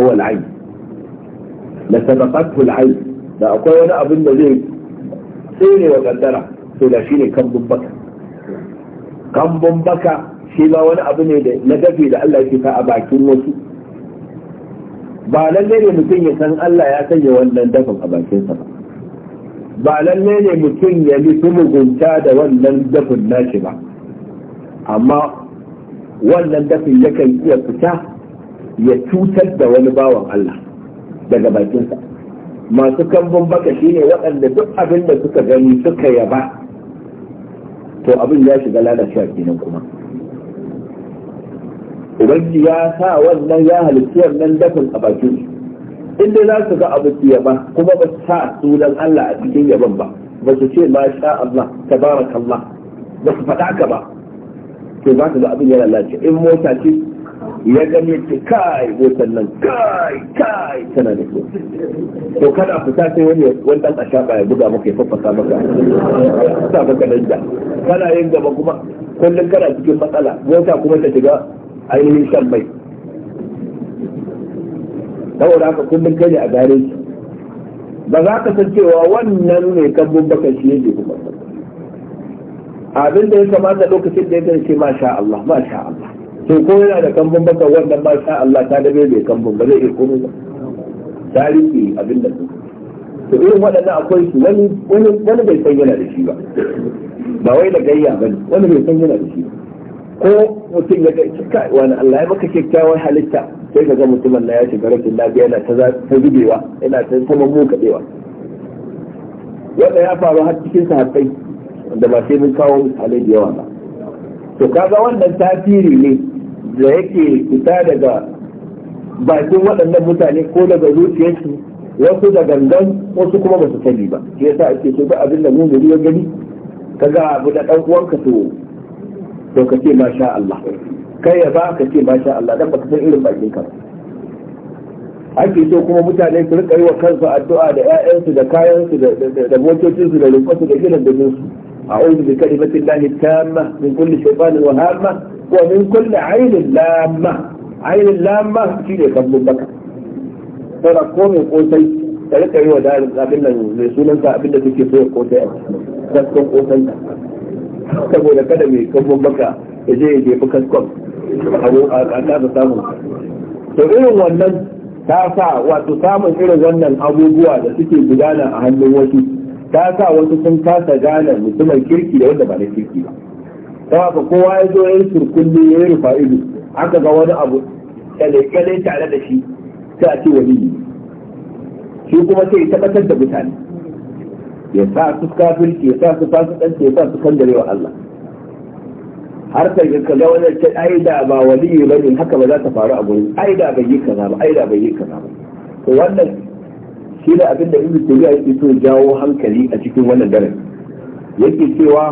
huwa al-ayn la sabaqathu al-ayn da akwai wani abin da zai tsere wa kaddara to da shine kambun baka kambun baka shi ba wani abu ne da na dafe da Allah yake fa a bakin wasu ba lallai ne mutum ya san Allah ya sanya wannan dafin a bakinsa ba ba lalle ne mutum ya nufi mugunta da wannan dafin nashi ba amma wannan dafin yakan iya fita ya cutar da wani bawan Allah daga bakinsa masu kambun baka ne waɗanda duk abin da suka gani suka yaba to abin ya shiga lalacewa kenan kuma ubangi ya sa wannan ya halitti wannan dafin a bakinsa? in dai za su ga abu yaba kuma ba su sa sunan Allah a cikin yaban ba ba su ce ma sha Allah tabarakallah ba su faɗa ka ba to za su ga abin yana lalace in mota ce ya gane ce kai motar nan kai kai tana da kyau to kada fita sai wani wani dan ashaba ya buga maka ya faffasa maka sa maka danja kana yin gaba kuma kullum kana cikin matsala mota kuma ta shiga ainihin shan mai saboda haka kullum kai ne a shi? ba za ka san cewa wannan mai kambun baka shi yake kuma abin da ya kamata lokacin da ya ce masha Allah masha Allah to ko yana da kambun baka wannan masha Allah ta dabe mai kambun ba zai iya komai ba tarihi abin da to irin waɗannan akwai su wani wani bai san yana da shi ba ba wai da gayya bane wani bai san yana da shi ba ko mutum ya kai cika, wani Allah ya maka kyakkyawar halitta sai ka ga mutum Allah ya shiga rashin lafiya yana ta zubewa yana ta saman mu kadewa wanda ya faru har cikin sahabbai wanda ba sai mun kawo misalai da yawa ba to kaga wannan tasiri ne da yake fita daga bakin waɗannan mutane ko daga zuciyarsu wasu da gangan wasu kuma ba su sani ba shi yasa ake so ba abin da mu ya gani kaga abu da ɗan uwanka to to ka ce ma sha Allah kai ya ba ka ce ma sha Allah dan ka san irin bakin ka ake so kuma mutane su rika yi wa kansu addu'a da ƴaƴansu da kayansu da motocinsu da rinkonsu da gidan dajinsu a'udhu bi kalimati llahi tamma min kulli shaytanin wa hamma wa min kulli ainin lamma ainin lamma ne kallon baka sai ko mai kosai da rika yi wa da abin nan mai sunanta abin da suke so ya kosai a cikin kosai saboda kada mai kambon baka ya je ya jefi kaskon a kasa samun to irin wannan ta sa wato samun irin wannan abubuwa da suke gudana a hannun wasu ta sa wasu sun kasa gane mutumin kirki da wanda ba na kirki ba ta haka kowa ya zo ya yi surkulli ya yi rufa ido aka ga wani abu kyale tare da shi sai a ce wani shi kuma sai ya tabbatar da mutane ya sa su kafir ke sa su fasikanci ya sa su kan wa Allah har ka ga wannan ce ai da ba waliyi bane haka ba za ta faru a gurin ai da bai yi kaza ba ai da bai yi kaza ba to wannan shi da abin da Ibn Taymiyyah yake so jawo hankali a cikin wannan daren yake cewa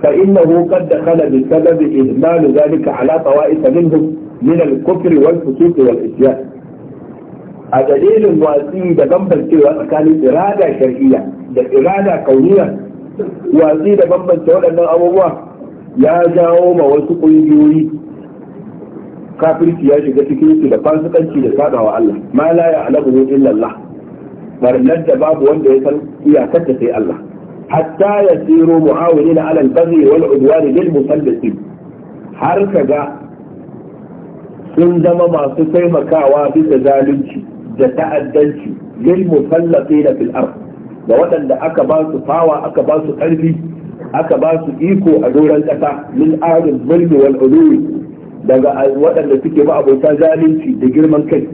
fa innahu qad dakhala bi sababi ihmal zalika ala tawa'if minhum min al-kufr wal fusuq wal isyan a dalilin watsi da bambancewa tsakanin irada shar'iyya da irada kauniya watsi da bambance waɗannan abubuwa ya jawo ma wasu ƙungiyoyi kafirci ya shiga cikin su da fasikanci da saɗawa Allah ma la alabu ne illallah barnar da babu wanda ya san iyakar ta sai Allah hatta yasiru mu'awilina 'ala alal baghi wal 'udwan lil musallisin har kaga sun zama masu taimakawa bisa zalunci da ta'addanci lil musallafina fil ard da waɗanda aka ba su fawa aka ba su ƙarfi aka ba su iko a doron ƙasa min arin mulki wal daga waɗanda suke ba abota zalunci da girman kai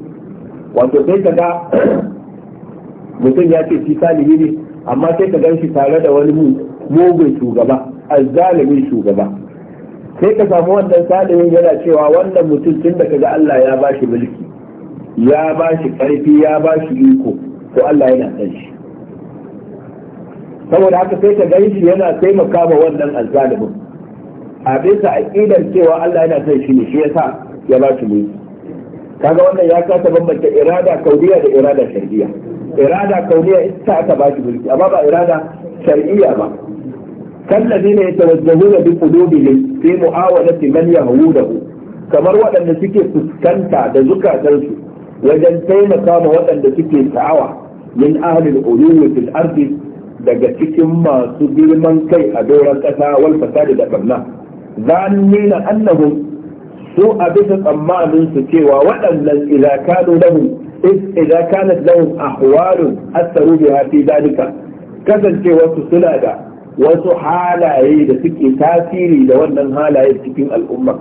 wato sai ka ga mutum ya ce shi salihi ne amma sai ka gan shi tare da wani mugun shugaba azzalimin shugaba sai ka samu wannan salihin yana cewa wannan mutum tun da kaga Allah ya ba shi mulki ya ba shi ƙarfi ya ba shi iko ko Allah yana san shi saboda haka sai ka gani shi yana taimaka ma wannan alzalimin a bisa aqidar cewa Allah yana san shi ne shi yasa ya ba shi mulki kaga wannan ya kasa bambanta irada kauniya da irada shar'iyya irada kauniya ita aka ba shi mulki amma ba irada shar'iyya ba ne كالذين يتوجهون بقلوبهم fi mu'awalati man يهوده kamar waɗanda suke fuskanta da zukatansu wajen taimaka ma waɗanda suke ta'awa min ahlil ulumi fil ardi daga cikin masu girman kai a doron ƙasa wal fasadi da barna zannina annahum su a bisa tsammanin su cewa waɗannan idza kanu lahum idza kanat lahum ahwalun asaru biha fi dalika kasancewa su suna da wasu halaye da suke tasiri da wannan halaye cikin al'umma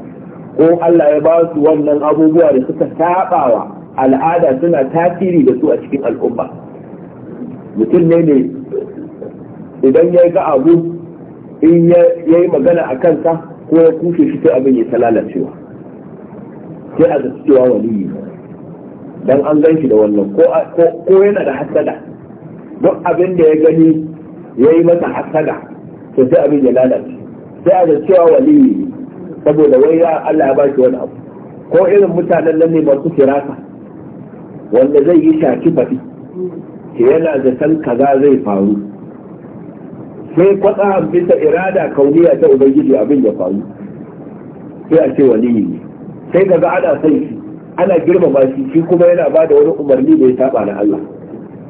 ko Allah ya ba su wannan abubuwa da suka sabawa al'ada suna tasiri da su a cikin al'umma mutum ne ne idan ya yi ga abu in ya yi magana a kansa ko ya kushe shi sai abin ya ta lalacewa sai a zaci cewa waliyi dan an gan shi da wannan ko yana da hasada duk abin da ya gani ya yi masa hasada to sai abin ya lalace sai a zaci cewa waliyi saboda wai ya Allah ya ba shi wani abu ko irin mutanen nan ne masu firasa wanda zai yi shaki faɗi ke yana san kaza zai faru sai kwatsa bisa irada kauniya ta ubangiji abin ya faru sai a ce wani ne sai kaga ana son shi ana girmama shi shi kuma yana ba da wani umarni da ya saba na Allah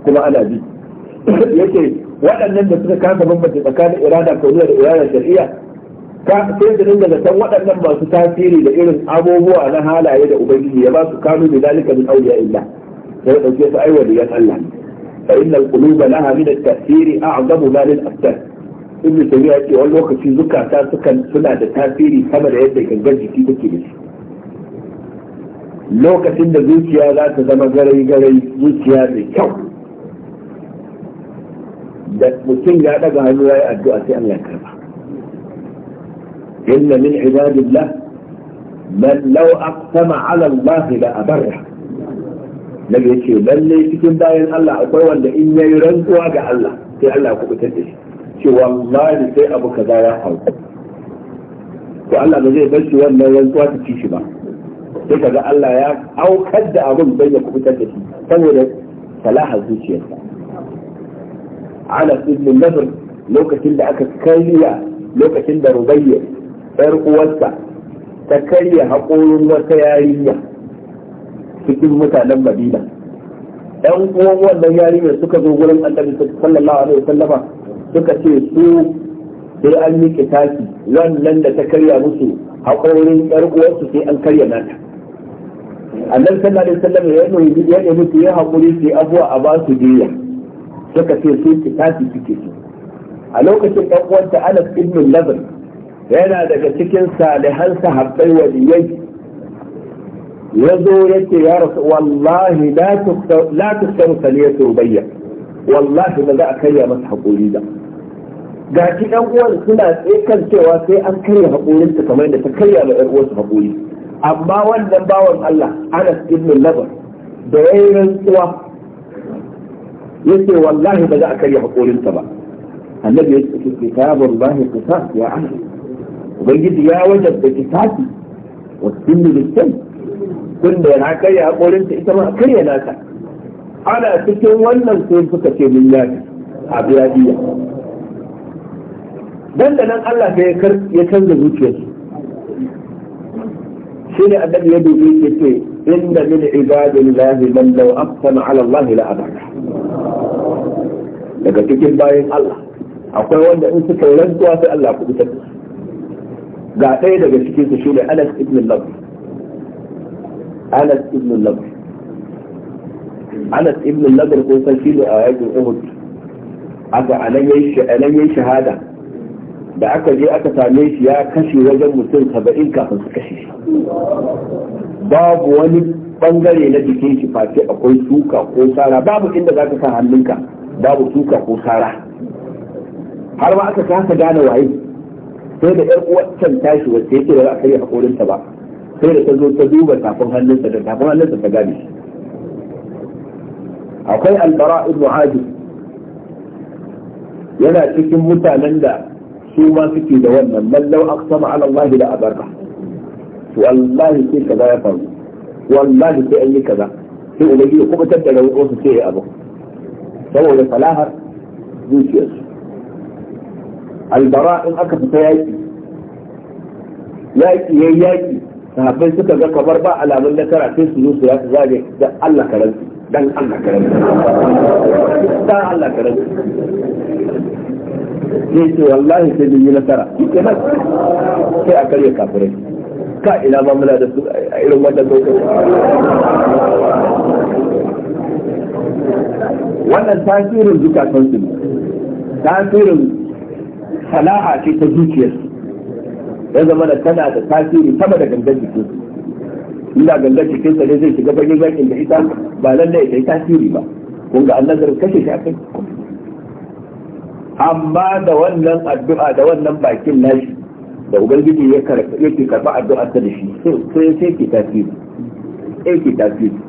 kuma ana bi yake waɗannan da suka kasa bambanta tsakanin irada kauniya da irada shari'a ka sai da dinga san waɗannan masu tasiri da irin abubuwa na halaye da ubangiji ya ba su kanu da zalika min auliya illah فيضيط أي يتعلم يعني. فإن القلوب لها من التأثير أعظم ما للأفتاد إن سيئتي والوقت في ذكا تاسكا سنة تأثيري ثمن عيدك الجنج في تكيبس لوكا سنة ذوتيا لا تزم غري غري ذوتيا بكو ده مسلم لا تقع الله الدعاء أن يكرب إن من عباد الله من لو أقسم على الله لأبره لا nabi ya ce lalle cikin bayan Allah akwai wanda in ya yi rantsuwa ga Allah sai Allah ya kubutar da shi ce wallahi sai abu kaza ya hau to Allah ba zai bar shi wannan rantsuwa ta ci shi ba sai kaga Allah ya aukar da abun bai ya kubutar da shi saboda salaha zuciyarsa ala ibn nadr lokacin da aka kariya lokacin da rubayya yar uwarsa ta karya haƙorin wata yarinya cikin mutanen madina ɗan uwan wannan yarinyar suka zo wurin annabi sallallahu alaihi wasallama suka ce su sai an yi kitaki wannan da ta karya musu haƙorin ƴar uwarsu sai an karya nata annabi sallallahu alaihi wasallam ya nemi ya nemi su yi haƙuri sai abuwa a ba su diya suka ce su kitaki suke su a lokacin ɗan uwanta Anas ibn Lazar yana daga cikin salihan sahabbai waliyai ya zo ya ce ya rasu wallahi la tuktaru saliyatu rubayya wallahi ba za a karya masa haƙuri da ga shi ɗan uwan suna tsekan cewa sai an karya haƙorinsa kamar da ta karya ma ɗan uwansa haƙori amma wannan bawan Allah Anas ibn Labar da ya yi rantsuwa ya ce wallahi ba za a karya haƙorinsa ba annabi ya ce kitabun bahi qisas ya Anas ubangiji ya wajabta kisasi wasu bin tunda yana karya haƙorinta ita ma karya nata ana cikin wannan sai suka ce min yafi a biyadiya dan da nan Allah sai ya canza zuciyarsu shi ne annabi ya dubi ya ce inna min ibadillahi man law aqsama ala Allah la abada daga cikin bayan Allah akwai wanda in suka rantsuwa sai Allah ku ga ɗaya daga cikin su shi ne Anas ibn Nabi anas ibn labr anas ibn labr kun san shi ne a yakin uhud aka anan shahada da aka je aka same shi ya kashe wajen mutum saba'in kafin su kashe shi babu wani bangare na jikin shi face akwai suka ko sara babu inda zaka ka sa hannunka babu suka ko sara har ma aka kasa gane waye sai da yar uwar can tashi wacce yake da za a karya hakorinta ba sai da ta zo ta duba tafin hannunsa da tafin hannunsa ta gane shi akwai albara ibn hajib yana cikin mutanen da su ma suke da wannan mallau aqsama ala Allah da abarka wallahi sai kaza ya faru wallahi sai an yi kaza sai ubangi ya kubutar da rawo su sai abu saboda salahar zuciyarsu albara in aka fita yaki yaki yayi yaki sahabbai suka ga kamar ba alamun nasara sai su zo su yasu zage da Allah karanci dan Allah karanci dan Allah karanci sai ce wallahi sai bin yi nasara kenan sai a karya kafirai ka ina ma muna da su a irin wannan lokaci wannan tasirin zukatansu ne tasirin salaha ce ta zuciyarsu ya zama da tana da tasiri sama da gangan jikin ina gangan jikin sa ne zai shiga bakin yakin da ita ba lallai ta tasiri ba kun ga annazarin kashe shi akai amma da wannan addu'a da wannan bakin nashi da ubangiji ya karɓi yake karɓi addu'a ta da shi sai sai ke tasiri sai ke tasiri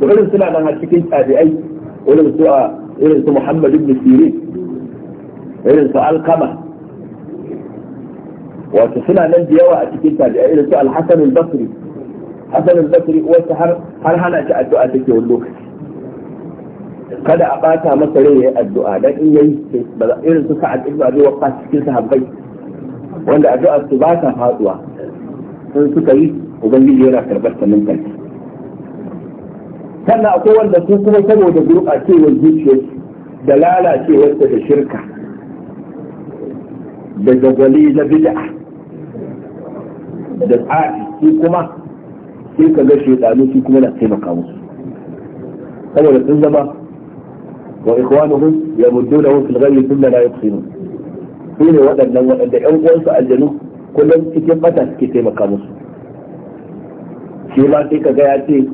to irin suna nan a cikin tabi'ai irin su a irin su Muhammad ibn Sirin irin su Alkama wato suna nan da yawa a cikin tabi'ai irin su al-hasan al-basri hasan al-basri uwarsa har har hana shi addu'a take wani lokaci kada a bata masa rai yayi addu'a dan in yayi ba irin su sa'ad ibn abi waqqas cikin sahabbai wanda addu'a su ba ta faduwa sun suka yi ubangiji yana karbar ta nan kanta sannan akwai wanda su kuma saboda gurɓacewar zuciyarsu da lalacewarsa da shirka da zagwali na bid'a da tsari su kuma sai ka ga shaidanu su kuma na taimaka musu saboda sun zama wa ikhwanuhum yamuddunahum fil ghayyi thumma la yuqsinun su ne waɗannan waɗanda ƴan uwansu aljanu kullum cikin bata suke taimaka musu shi ma sai ka ga ya ce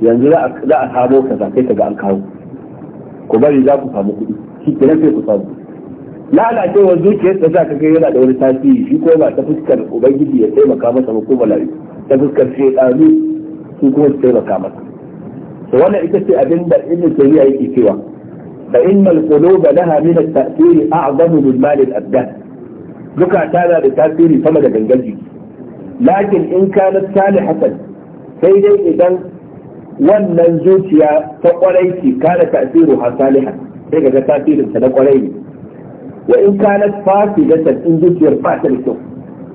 yanzu za a samo kaza sai ka ga an kawo ku bari za ku samu kuɗi shi na sai ku samu lalacewar zuciyarsa za ka ga yana da wani tasiri shi ko ba ta fuskar ubangiji ya taimaka masa ba ko bala'i ta fuskar shekaru su kuma su taimaka masa to wannan ita ce abin da ibn tayyiya yake cewa fa innal quluba laha min at-ta'thiri a'zamu min mal al-abdan zukata na da tasiri sama da gangan lakin in kanat salihatan sai dai idan wannan zuciya ta kwarai ce kana ta'siru ha salihan sai ga tasirin ta na kwarai ne wa in kanat fasidatan in zuciyar ba ta da kyau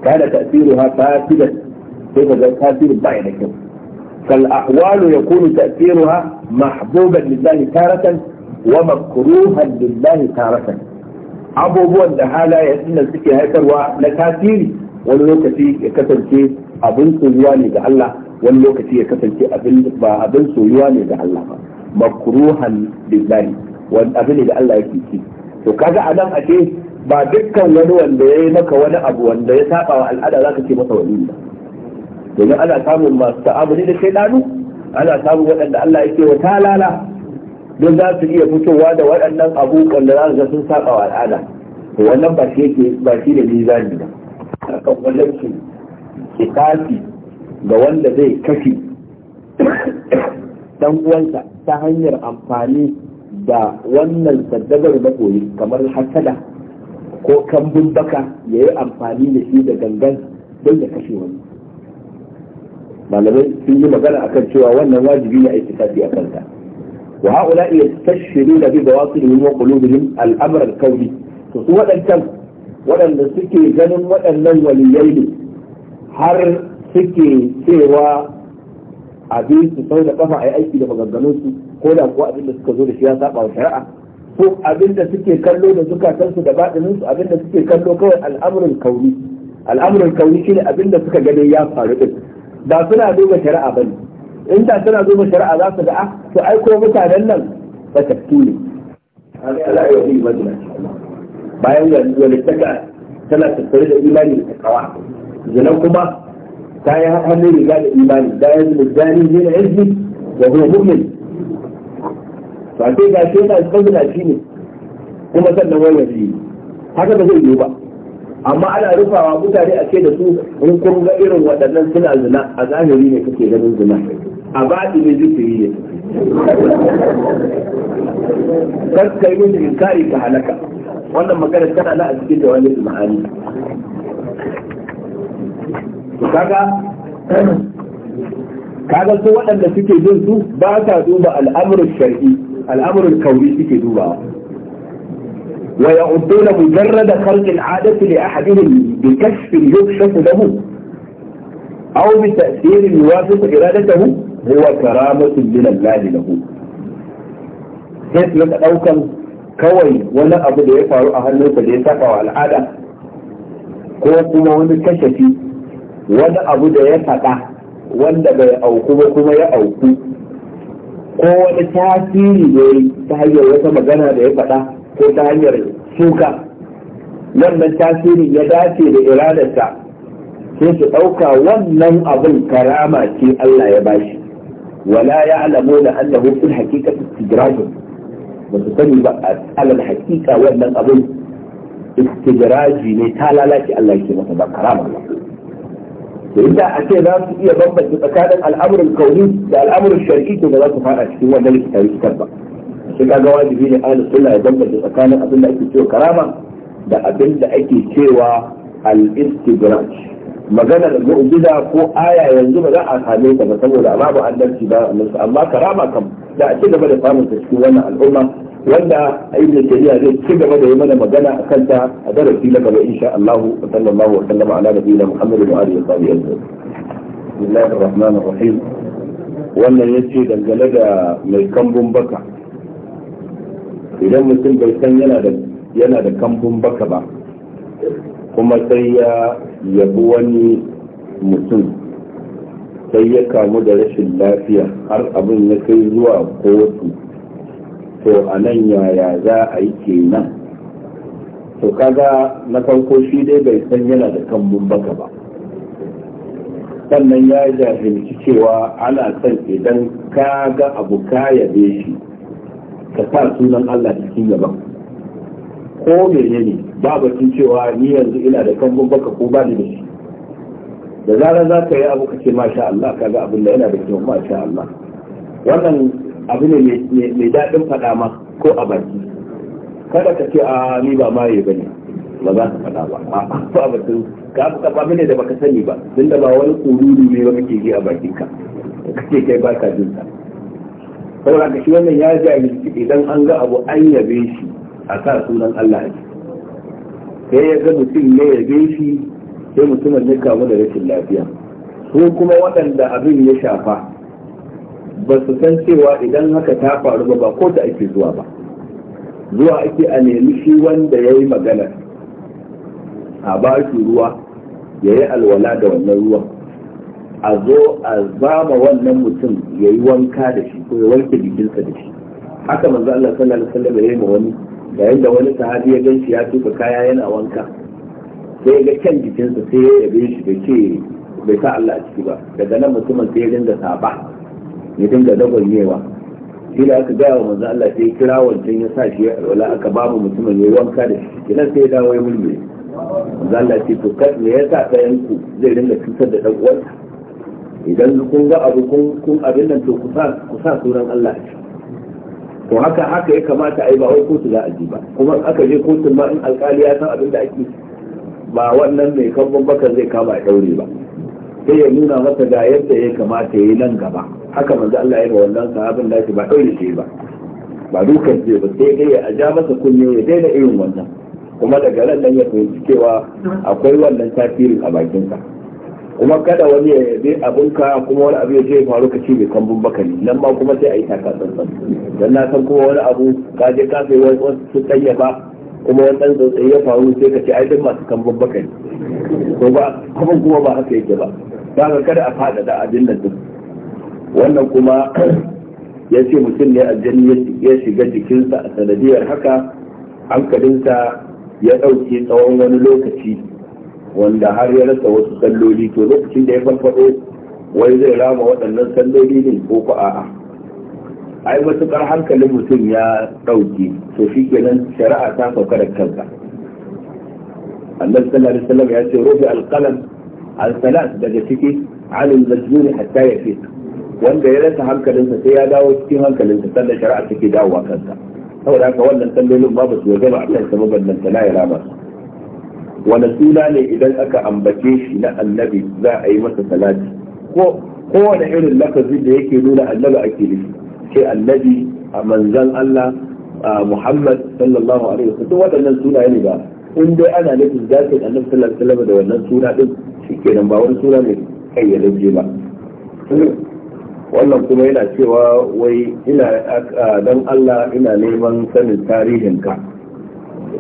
kana ta'siruha fasidan sai ka ga tasirin ba kyau fal ahwalu yakunu ta'siruha mahbuban lillahi taratan wa makruhan lillahi taratan abubuwan da halayen nan suke haifarwa na tasiri wani lokaci ya kasance abin soyuwa ga Allah wani lokaci ya kasance ga Allah da Allah yake ci to kaga a nan a ba dukkan wani wanda ya yi maka wani abu wanda ya saba wa al'ada za ka ce masa wani ba domin ana samun masu ta'amuli da shaidanu ana samun waɗanda Allah ya ce wa talala don za su iya fitowa da waɗannan abubuwan da za su sun saba wa al'ada to wannan ba shi ba shi ne mizani ba akan wannan su kafi ga wanda zai kafi dan uwansa ta hanyar amfani da wannan saddabar makoyi kamar hasada ko kambun baka ya yi amfani da shi da gangan don ya kashe wani malamai sun yi magana akan cewa wannan wajibi ne a ittifaqi a kanta wa haula yastashhiruna bi bawasilihim wa qulubihim al-amr al'amuran kawni to su waɗancan waɗanda suke ganin waɗannan waliyai ne har suke cewa abin su sau da kafa a yi aiki da maganganunsu ko da ko abin da suka zo da shi ya saba wa shari'a ko abin da suke kallo da su da baɗinin su abin da suke kallo kawai al'amuran kauni al'amuran kauni shine abin da suka gani ya faru din ba suna duba shari'a ba ne? in da suna duba shari'a za su ga ah to ai ko mutanen nan ba ta tafki ne bayan yanzu wani taka tana tattare da imani da takawa zanen kuma ta yi hannun riga da imani bayan mujani ne na izini da huwa mu'min ba sai ga shi yana bazina shi ne kuma sannan wani shi haka ba zai yiwu ba amma ana rufawa mutane a ce da su in kun ga irin waɗannan suna zina a zahiri ne kake ganin zina a baɗi ne zikiri ne kar ka yi min inkari ka halaka wannan magana tana na a cikin da wani ma'ani kaga kaga su waɗanda suke jin su ba ta duba al'amuran shari'i الامر الكوني في دوبا ويعدون مجرد خلق العادة لأحدهم بكشف يكشف له أو بتأثير يوافق إرادته هو كرامة من الله له كيف نتأوكا كوي ولا أبدا يفعل أهل نوك ليسافع العادة كوكما ومن ولا أبدا يفتح ولا بيأوكما كما يأوكما ko wani tasiri da yi ta hanyar wata magana da ya faɗa ko ta hanyar suka wannan tasiri ya dace da iradarsa sai su ɗauka wannan abin karama ce Allah ya bashi wala ya alamu da annahu fil hakika istidrajun ba su sani ba alal hakika wannan abin istidraji ne ta lalace Allah yake masa ba karama ba to inda a ce za su iya bambanta tsakanin al'amuran kauni da al'amuran shari'i to ba za su fara cikin wannan littafi kitab ba sai kaga wajibi ne ahlus sunna ya bambance tsakanin abin da ake cewa karama da abin da ake cewa al-istidraj magana da mu'jiza ko aya yanzu ba za a same ta ba saboda babu annabci ba amma karama kam da a ce gaba da samun ta cikin wannan al'umma wanda ainihin tayyiba zai ci gaba da yi mana magana a kanta a darasi na gaba insha Allah wa sallallahu wa sallama ala nabiyina Muhammadin wa alihi wa sahbihi ajma'in bismillahir rahmanir rahim wannan yace dangane da mai kambun baka idan mutum bai san yana da yana da kambun baka ba kuma sai ya yabi wani mutum sai ya kamu da rashin lafiya har abin ya kai zuwa kotu to a nan yaya za a yi kenan to kaga na farko shi dai bai san yana da kan baka ba sannan ya jahilci cewa ana son idan ka ga abu ka yabe shi ka sa sunan Allah cikin gaba ko menene ba batun cewa ni yanzu ina da kan baka ko ba ni da shi da zarar za ka yi abu ka ce masha Allah kaga abin da yana da kyau masha Allah wannan abu ne mai daɗin faɗa ma ko a baki kada ka ce a ah, ni ba maye ba ne ba za ka faɗa ba a ba batun ka ka abu ne da baka sani ba tun da ba wani kururu ne ba kake ji a bakin ka kake kai ba ka jin sa saboda ka shi wannan ya jahilci idan an ga abu an yabe shi a sa sunan Allah ne sai ya ga mutum ne yabe shi sai mutumin ya kamu da rashin lafiya ko kuma waɗanda abin ya shafa ba su san cewa idan haka ta faru ba ko da ake zuwa ba zuwa ake a nemi shi wanda ya yi magana a ba shi ruwa ya yi alwala da wannan ruwan a zo a zama wannan mutum ya yi wanka da shi ko ya wanke jikinsa da shi haka manzo Allah sallallahu alaihi wasallam ya yi ma wani yayin da wani sahabi ya ganshi ya tuka kaya yana wanka sai ga kyan jikinsa sai ya yabe shi da ke bai sa Allah a ciki ba daga nan mutumin sai ya dinga saba ya dinga dagwalmewa shi da aka gaya wa manzo Allah sai kira wancan ya sa shi ya wala aka ba mu mutumin ne wanka da shi Idan sai ya dawo ya mulme manzo Allah sai to kat me yasa kayan ku zai dinga cutar da dan uwansa idan kun ga abu kun kun abin nan to kusa kusa suran sunan Allah to haka haka ya kamata a yi ba wai kotu za a ji ba kuma aka je kotun ma in alkali ya san abin da ake ba wannan mai kan baka zai kama ya daure ba sai ya nuna masa ga yadda ya kamata ya yi nan gaba haka manzo Allah ya yi wannan sahabin da ba dole shi ba ba dukan ce ba sai dai a ja masa kunne ya daina irin wannan kuma daga nan nan ya fahimci cewa akwai wannan tasirin a bakin sa kuma kada wani ya yabe ka kuma wani abu ya je faru ka ce mai kambun ne nan ma kuma sai a yi taka tsantsan dan na san kuma wani abu ka je ka sai wasu sun ba kuma wani ɗan tsautsayi ya faru sai ka ce ai duk masu kan baka ne ko ba abin kuma ba haka yake ba ka kada a faɗaɗa abin nan duk wannan kuma ya ce mutum ne a jani ya shiga jikinsa a sanadiyar haka hankalinsa ya ɗauke tsawon wani lokaci wanda har ya rasa wasu salloli to lokacin da ya farfaɗo wai zai rama waɗannan salloli ne ko ko a'a ai matuƙar hankalin mutum ya ɗauki to shi kenan shari'a ta sauka da kanka annabi sallallahu alaihi wasallam ya ce rufi alqalam al salat daga ciki alil majnun hatta yafiq wanda ya rasa sa sai ya dawo cikin hankalin hankalinsa sannan shari'a take dawowa kansa saboda haka wannan sallolin ba su waje ba a kan sababin nan tana ya rama wani suna ne idan aka ambace shi na annabi za a yi masa salati ko kowane irin lafazi da yake nuna annabi ake nufi ce annabi a manzan Allah Muhammad sallallahu alaihi wasallam waɗannan sunaye ne ba in dai ana nufin zakin annabi sallallahu alaihi wasallam da wannan suna din shikenan ba wani suna ne kai ya kayyadajje ba wannan kuma yana cewa wai ina dan Allah ina neman sanin tarihin ka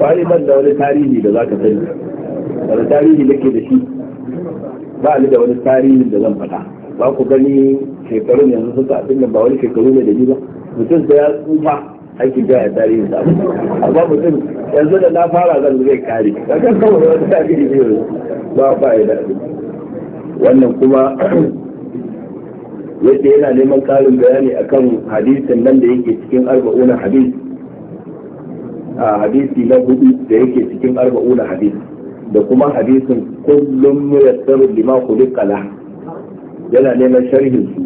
ban da wani tarihi da zaka sani wani tarihi nake da shi ba ni da wani tarihi da zan faɗa ba ku gani shekarun yanzu suka abin da ba wani shekaru ne da ni ba mutum da ya tsufa ake ga a tarihin sa amma mutum yanzu da na fara zan zai kare kan kawo da wani tarihi ne ba ba ya da wannan kuma yadda yana neman karin bayani akan hadisin nan da yake cikin arba'una hadis a hadisi na hudu da yake cikin arba'una hadis da kuma hadisin kullum ya tsaro lima kulikala yana neman sharhin su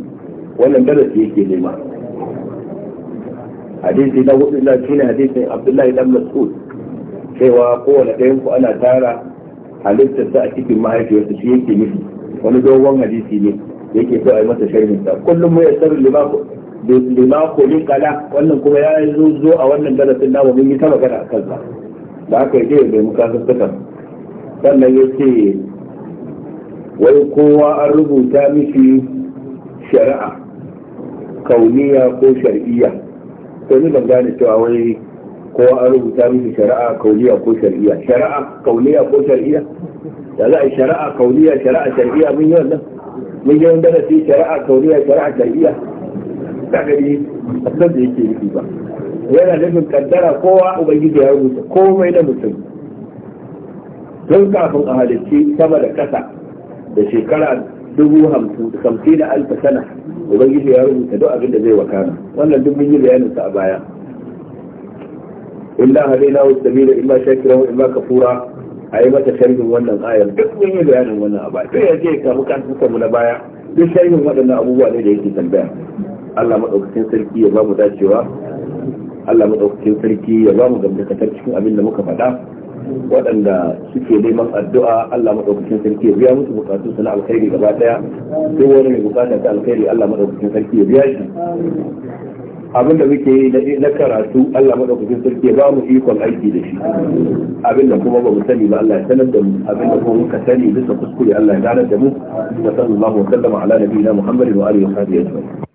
wannan darasi yake nema hadisi na hudu na shine hadisin abdullahi dan mas'ud cewa kowane ɗayan ku ana tara halittarsa a cikin mahaifiyarsa shi yake nufi wani dogon hadisi ne yake so a yi masa sharhin sa kullum mu yassar lima kulin kala wannan kuma ya yi zo a wannan darasin namu mun yi ta magana a kansa da aka yi mai mu kasan sannan ya ce wai kowa an rubuta mishi shari'a kauniya ko shari'iyya. to ni ban gane cewa wai kowa an rubuta mishi shari'a kauniya ko shari'iyya. shari'a kauniya ko shari'iyya. da za a yi shari'a kauniya shari'a shari'iyya mun yi wannan mun yi wanda sai shari'a kauniya shari'a shari'iyya. ta gari a san da yake yi ba yana nufin kaddara kowa ubangiji ya rubuta komai na mutum tun kafin a halicci sama da ƙasa da shekara dubu hamsin da alfa sana ubangiji ya rubuta duk abin da zai wakana wannan duk mun yi bayanin sa a baya illa hadaina wa sabila imma shakira wa imma kafura a yi mata sharhin wannan ayar duk mun yi bayanin wannan a baya sai ya je ka muka suka mu na baya duk sharhin waɗannan abubuwa ne da yake tambaya Allah madaukakin sarki ya ba mu dacewa Allah madaukakin sarki ya ba mu gamdakatar cikin abin da muka faɗa waɗanda suke neman addu'a Allah madaukakin sarki ya biya musu bukatu su na alkhairi gaba ɗaya duk wani mai bukatar ta alkhairi Allah madaukakin sarki ya biya shi abinda muke yi na karatu Allah madaukakin sarki ba mu ikon aiki da shi abinda kuma ba mu sani ba Allah ya sanar da mu abinda kuma muka sani bisa kuskure Allah ya gane da mu wa sallallahu alaihi wa sallama ala nabiyina Muhammadin wa alihi wa sahbihi